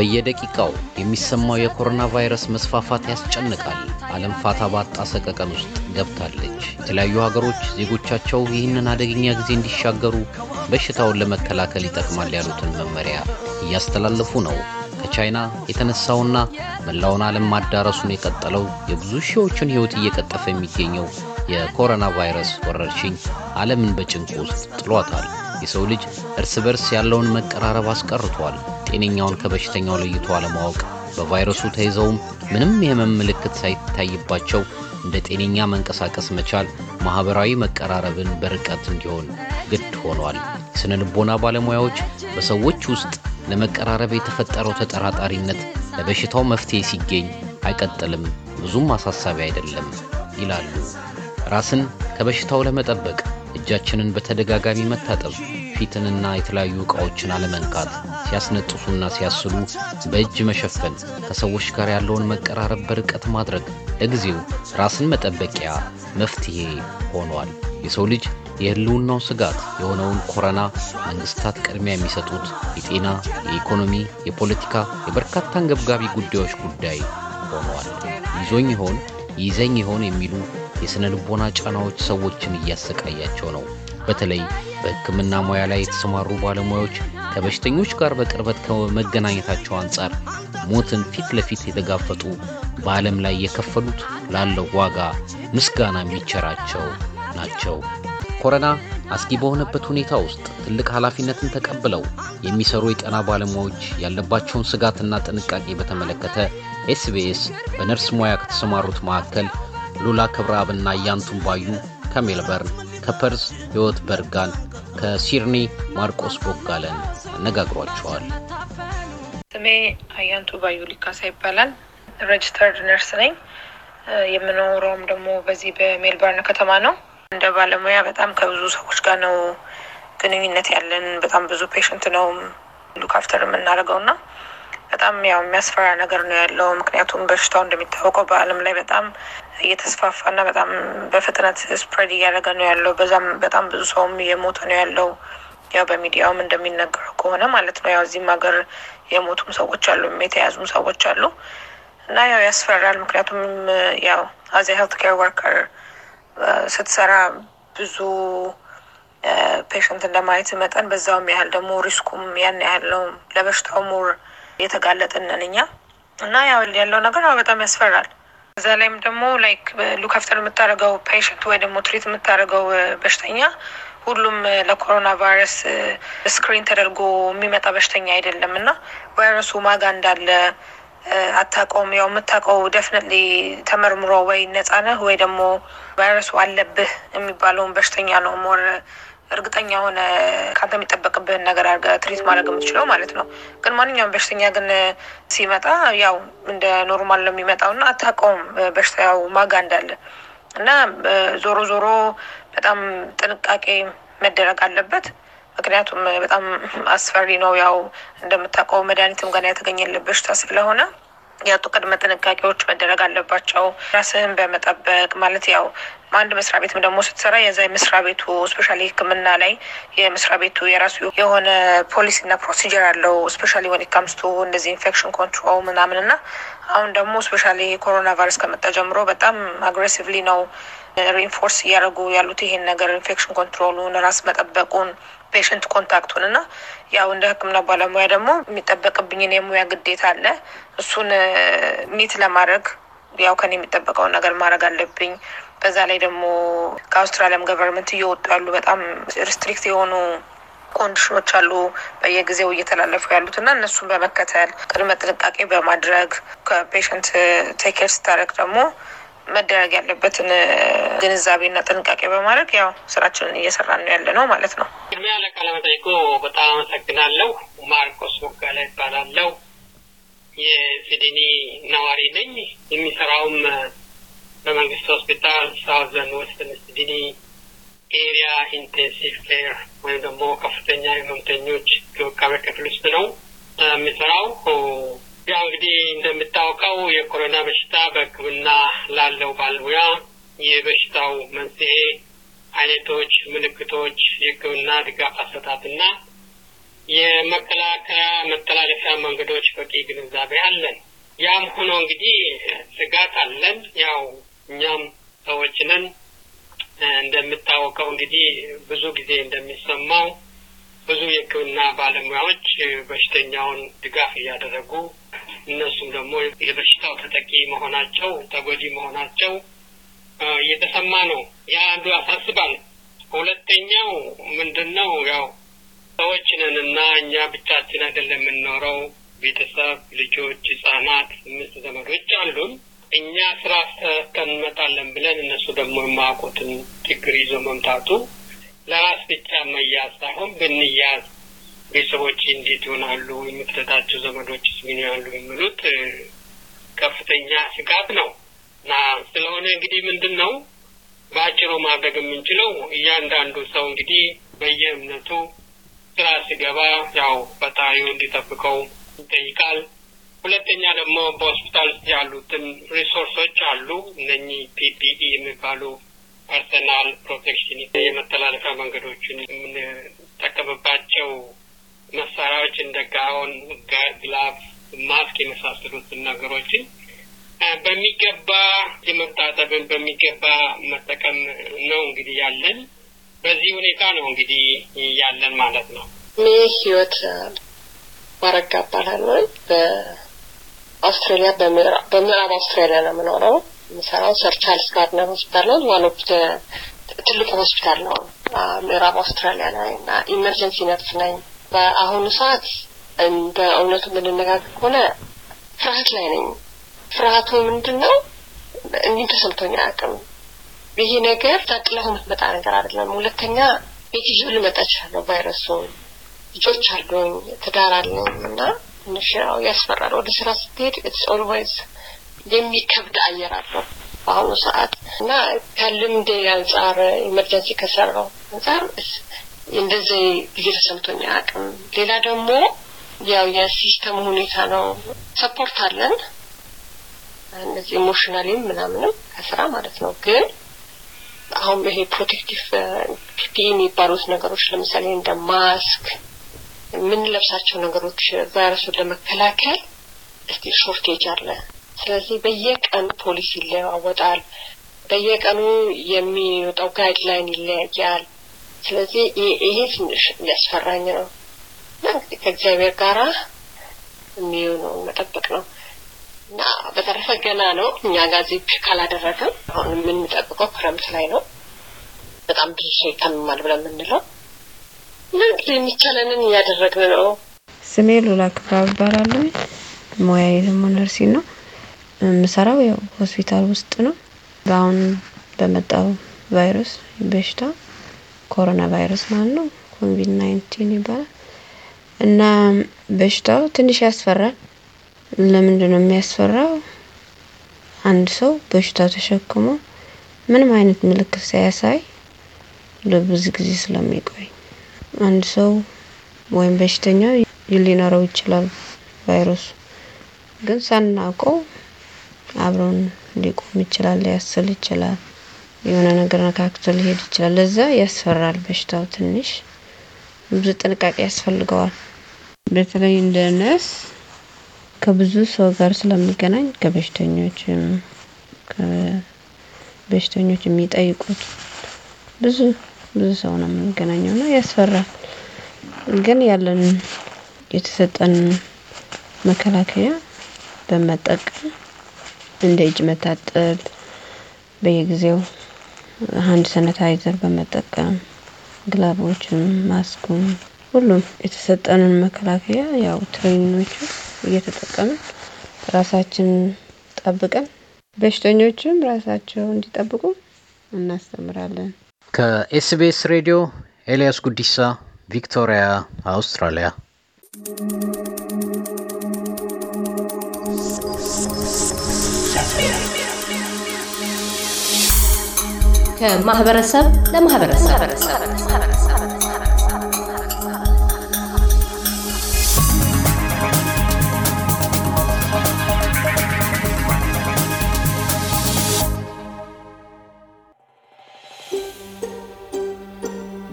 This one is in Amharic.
በየደቂቃው የሚሰማው የኮሮና ቫይረስ መስፋፋት ያስጨንቃል። ዓለም ፋታ ባጣ ሰቀቀን ውስጥ ገብታለች። የተለያዩ ሀገሮች ዜጎቻቸው ይህንን አደገኛ ጊዜ እንዲሻገሩ በሽታውን ለመከላከል ይጠቅማል ያሉትን መመሪያ እያስተላለፉ ነው። ከቻይና የተነሳውና መላውን ዓለም ማዳረሱን የቀጠለው የብዙ ሺዎችን ሕይወት እየቀጠፈ የሚገኘው የኮሮና ቫይረስ ወረርሽኝ ዓለምን በጭንቅ ውስጥ ጥሏታል። የሰው ልጅ እርስ በርስ ያለውን መቀራረብ አስቀርቷል። ጤነኛውን ከበሽተኛው ለይቶ አለማወቅ፣ በቫይረሱ ተይዘውም ምንም የህመም ምልክት ሳይታይባቸው እንደ ጤነኛ መንቀሳቀስ መቻል ማኅበራዊ መቀራረብን በርቀት እንዲሆን ግድ ሆኗል። ስነ ልቦና ባለሙያዎች በሰዎች ውስጥ ለመቀራረብ የተፈጠረው ተጠራጣሪነት ለበሽታው መፍትሄ ሲገኝ አይቀጥልም፣ ብዙም አሳሳቢ አይደለም ይላሉ። ራስን ከበሽታው ለመጠበቅ እጃችንን በተደጋጋሚ መታጠብ፣ ፊትንና የተለያዩ ዕቃዎችን አለመንካት፣ ሲያስነጥሱና ሲያስሉ በእጅ መሸፈን፣ ከሰዎች ጋር ያለውን መቀራረብ በርቀት ማድረግ ለጊዜው ራስን መጠበቂያ መፍትሄ ሆኗል። የሰው ልጅ የህልውናው ስጋት የሆነውን ኮረና መንግስታት ቅድሚያ የሚሰጡት የጤና፣ የኢኮኖሚ፣ የፖለቲካ፣ የበርካታ አንገብጋቢ ጉዳዮች ጉዳይ ሆነዋል። ይዞኝ ይሆን ይዘኝ ይሆን የሚሉ የስነ ልቦና ጫናዎች ሰዎችን እያሰቃያቸው ነው። በተለይ በሕክምና ሙያ ላይ የተሰማሩ ባለሙያዎች ከበሽተኞች ጋር በቅርበት ከመገናኘታቸው አንጻር ሞትን ፊት ለፊት የተጋፈጡ በዓለም ላይ የከፈሉት ላለው ዋጋ ምስጋና የሚቸራቸው ናቸው። ኮረና አስጊ በሆነበት ሁኔታ ውስጥ ትልቅ ኃላፊነትን ተቀብለው የሚሰሩ የጤና ባለሙያዎች ያለባቸውን ስጋትና ጥንቃቄ በተመለከተ ኤስቢኤስ በነርስ ሙያ ከተሰማሩት መካከል ሉላ ክብረአብና እያንቱን ባዩ ከሜልበርን ከፐርስ ሕይወት በርጋን ከሲድኒ ማርቆስ ቦጋለን አነጋግሯቸዋል። ስሜ አያንቱ ባዩ ሊካሳ ይባላል። ሬጅስተርድ ነርስ ነኝ። የምኖረውም ደግሞ በዚህ በሜልበርን ከተማ ነው። እንደ ባለሙያ በጣም ከብዙ ሰዎች ጋር ነው ግንኙነት ያለን። በጣም ብዙ ፔሽንት ነው ሉክ አፍተር የምናደርገው እና በጣም ያው የሚያስፈራ ነገር ነው ያለው። ምክንያቱም በሽታው እንደሚታወቀው በዓለም ላይ በጣም እየተስፋፋና በጣም በፍጥነት ስፕሬድ እያደረገ ነው ያለው። በዛም በጣም ብዙ ሰውም እየሞተ ነው ያለው። ያው በሚዲያውም እንደሚነገረው ከሆነ ማለት ነው ያው እዚህም ሀገር የሞቱም ሰዎች አሉ፣ የተያዙም ሰዎች አሉ እና ያው ያስፈራል። ምክንያቱም ያው አዚ ሄልት ኬር ወርከር ስትሰራ ብዙ ፔሽንት እንደማየት መጠን በዛውም ያህል ደግሞ ሪስኩም ያን ያህል ነው ለበሽታው ሙር የተጋለጥንን እኛ እና ያለው ነገር በጣም ያስፈራል። እዛ ላይም ደግሞ ላይክ ሉክ አፍተር የምታደርገው ፔሽንት ወይ ደግሞ ትሪት የምታደርገው በሽተኛ ሁሉም ለኮሮና ቫይረስ ስክሪን ተደርጎ የሚመጣ በሽተኛ አይደለም እና ቫይረሱ ማጋ እንዳለ አታውቀውም። ያው የምታውቀው ደፍነትሊ ተመርምሮ ወይ ነጻ ነህ ወይ ደግሞ ቫይረሱ አለብህ የሚባለውን በሽተኛ ነው ሞር እርግጠኛ የሆነ ከአንተ የሚጠበቅብህን ነገር አድርገህ ትሪት ማድረግ የምትችለው ማለት ነው። ግን ማንኛውም በሽተኛ ግን ሲመጣ ያው እንደ ኖርማል ነው የሚመጣው እና አታውቀውም በሽታው ማጋ እንዳለ እና ዞሮ ዞሮ በጣም ጥንቃቄ መደረግ አለበት። ምክንያቱም በጣም አስፈሪ ነው። ያው እንደምታውቀው መድኃኒትም ገና የተገኘለት በሽታ ስለሆነ ያቱ ቅድመ ጥንቃቄዎች መደረግ አለባቸው። ራስህን በመጠበቅ ማለት ያው አንድ መስሪያ ቤትም ደግሞ ስትሰራ የዛ የመስሪያ ቤቱ ስፔሻሊ ህክምና ላይ የመስሪያ ቤቱ የራሱ የሆነ ፖሊሲና ፕሮሲጀር አለው። ስፔሻሊ ወን ካምስቱ እንደዚህ ኢንፌክሽን ኮንትሮል ምናምን እና አሁን ደግሞ ስፔሻሊ ኮሮና ቫይረስ ከመጣ ጀምሮ በጣም አግሬሲቭሊ ነው ሪንፎርስ እያደረጉ ያሉት ይሄን ነገር ኢንፌክሽን ኮንትሮሉን ራስ መጠበቁን ፔሽንት ኮንታክቱን እና ያው እንደ ህክምና ባለሙያ ደግሞ የሚጠበቅብኝን የሙያ ግዴታ አለ። እሱን ሚት uh, ለማድረግ ያው ከኔ የሚጠበቀውን ነገር ማድረግ አለብኝ። በዛ ላይ ደግሞ ከአውስትራሊያም ገቨርንመንት እየወጡ ያሉ በጣም ሪስትሪክት የሆኑ ኮንዲሽኖች አሉ በየጊዜው እየተላለፉ ያሉት እና እነሱን በመከተል ቅድመ ጥንቃቄ በማድረግ ከፔሽንት ቴኬር ስታደረግ ደግሞ መደረግ ያለበትን ግንዛቤና ጥንቃቄ በማድረግ ያው ስራችንን እየሰራን ነው ያለ ነው ማለት ነው። ቅድሚያ ለቃለመጠይቁ በጣም አመሰግናለሁ። ማርቆስ ወጋላ ይባላለው። የሲድኒ ነዋሪ ነኝ። የሚሰራውም በመንግስት ሆስፒታል ሳውዘን ዌስትን ሲድኒ ኤሪያ ኢንቴንሲቭ ኬር ወይም ደግሞ ከፍተኛ ህመምተኞች ክብካቤ ክፍል ውስጥ ነው የሚሰራው። ያ እንግዲህ እንደምታወቀው የኮሮና በሽታ በህክምና ላለው ባለሙያ የበሽታው መንስኤ፣ አይነቶች፣ ምልክቶች፣ የህክምና ድጋፍ አሰጣትና የመከላከያ መተላለፊያ መንገዶች በቂ ግንዛቤ አለን። ያም ሆኖ እንግዲህ ስጋት አለን ያው እኛም ሰዎች ነን። እንደምታወቀው እንግዲህ ብዙ ጊዜ እንደሚሰማው ብዙ የሕክምና ባለሙያዎች በሽተኛውን ድጋፍ እያደረጉ እነሱም ደግሞ የበሽታው ተጠቂ መሆናቸው ተጎጂ መሆናቸው እየተሰማ ነው። ያ አንዱ ያሳስባል። ሁለተኛው ምንድን ነው ያው ሰዎች ነን እና እኛ ብቻችን አይደለም የምንኖረው። ቤተሰብ፣ ልጆች፣ ህጻናት፣ አምስት ዘመዶች አሉን። እኛ ስራ አስተካክለን እንመጣለን ብለን እነሱ ደግሞ የማያውቁትን ችግር ይዞ መምታቱ ለራስ ብቻ መያዝ ሳይሆን ብንያዝ ቤተሰቦች እንዴት ይሆናሉ፣ የምትተታቸው ዘመዶች ምን ያሉ የሚሉት ከፍተኛ ስጋት ነው እና ስለሆነ እንግዲህ ምንድን ነው በአጭሩ ማድረግ የምንችለው እያንዳንዱ ሰው እንግዲህ በየእምነቱ ስራ ሲገባ ያው ፈጣሪው እንዲጠብቀው ይጠይቃል። ሁለተኛ ደግሞ በሆስፒታል ውስጥ ያሉትን ሪሶርሶች አሉ። እነኚህ ፒፒኢ የሚባሉ ፐርሰናል ፕሮቴክሽን የመተላለፊያ መንገዶችን የምንጠቀምባቸው መሳሪያዎች እንደ ጋውን፣ ግላቭ፣ ማስክ የመሳሰሉትን ነገሮችን በሚገባ የመታጠብን በሚገባ መጠቀም ነው እንግዲህ ያለን። በዚህ ሁኔታ ነው እንግዲህ ያለን ማለት ነው። እኔ ህይወት ባረጋ ወይ አውስትራሊያ በምዕራብ አውስትራሊያ ነው የምኖረው። የምሰራው ሰር ቻርልስ ጋርነር ሆስፒታል ነው። ዋን ኦፍ ትልቁ ሆስፒታል ነው ምዕራብ አውስትራሊያ ላይ እና ኢመርጀንሲ ነርስ ነኝ። በአሁኑ ሰዓት እውነቱ ምንነጋገር ከሆነ ፍርሀት ላይ ነኝ። ፍርሀቱ ምንድን ነው? እንዲህ ተሰምቶኝ አቅም ይሄ ነገር ጠቅለሁ የምትመጣ ነገር አይደለም። ሁለተኛ ቤት ይዤው ልመጣ እችላለሁ ቫይረሱ። ልጆች አሉኝ፣ ትዳር አለኝ እና ትንሽ ያው ያስፈራል። ወደ ስራ ስትሄድ ኢትስ ኦልዌይዝ የሚከብድ አየር አለው በአሁኑ ሰዓት እና ከልምድ አንጻር ኢመርጀንሲ ከሰራው አንጻር እንደዚህ ጊዜ ተሰምቶኝ አያውቅም። ሌላ ደግሞ ያው የሲስተም ሁኔታ ነው። ሰፖርት አለን እነዚህ ኢሞሽናሊም ምናምንም ከስራ ማለት ነው። ግን አሁን ይሄ ፕሮቴክቲቭ ፒፒ የሚባሉት ነገሮች ለምሳሌ እንደ ማስክ የምንለብሳቸው ነገሮች ቫይረሱን ለመከላከል እስቲ ሾርቴጅ አለ። ስለዚህ በየቀኑ ፖሊሲ ይለዋወጣል። በየቀኑ የሚወጣው ጋይድላይን ይለያያል። ስለዚህ ይሄ ትንሽ የሚያስፈራኝ ነው እና እንግዲህ ከእግዚአብሔር ጋራ የሚሆነውን መጠበቅ ነው እና በተረፈ ገና ነው። እኛ ጋዜ ካላደረገም አሁን የምንጠብቀው ክረምት ላይ ነው። በጣም ብዙ ሰው ይታመማል ብለን የምንለው ምን የሚቻለንን እያደረግን ነው። ስሜ ሉላ ክብራ እባላለሁ። ሙያዬ ደግሞ ነርሲንግ ነው። የምሰራው ያው ሆስፒታል ውስጥ ነው። አሁን በመጣው ቫይረስ በሽታ ኮሮና ቫይረስ ማለት ነው ኮቪድ ናይንቲን ይባላል እና በሽታው ትንሽ ያስፈራል። ለምንድን ነው የሚያስፈራው? አንድ ሰው በሽታው ተሸክሞ ምንም አይነት ምልክት ሳያሳይ ለብዙ ጊዜ ስለሚቆይ አንድ ሰው ወይም በሽተኛ ሊኖረው ይችላል። ቫይረሱ ግን ሳናውቀው አብሮን ሊቆም ይችላል፣ ሊያስል ይችላል፣ የሆነ ነገር ነካክቶ ሊሄድ ይችላል። ለዛ ያስፈራል። በሽታው ትንሽ ብዙ ጥንቃቄ ያስፈልገዋል። በተለይ እንደ ነስ ከብዙ ሰው ጋር ስለሚገናኝ ከበሽተኞችም ከበሽተኞች የሚጠይቁት ብዙ ብዙ ሰው ነው የምንገናኘው እና ያስፈራል። ግን ያለን የተሰጠን መከላከያ በመጠቀም እንደ እጅ መታጠብ በየጊዜው አንድ ሰነታይዘር በመጠቀም ግላቦችን ማስኩን ሁሉም የተሰጠንን መከላከያ ያው ትሬኒንጎቹ እየተጠቀምን ራሳችን ጠብቀን በሽተኞችም ራሳቸው እንዲጠብቁ እናስተምራለን ከኤስቢኤስ ሬዲዮ ኤልያስ ጉዲሳ ቪክቶሪያ፣ አውስትራሊያ። ከማህበረሰብ ለማህበረሰብ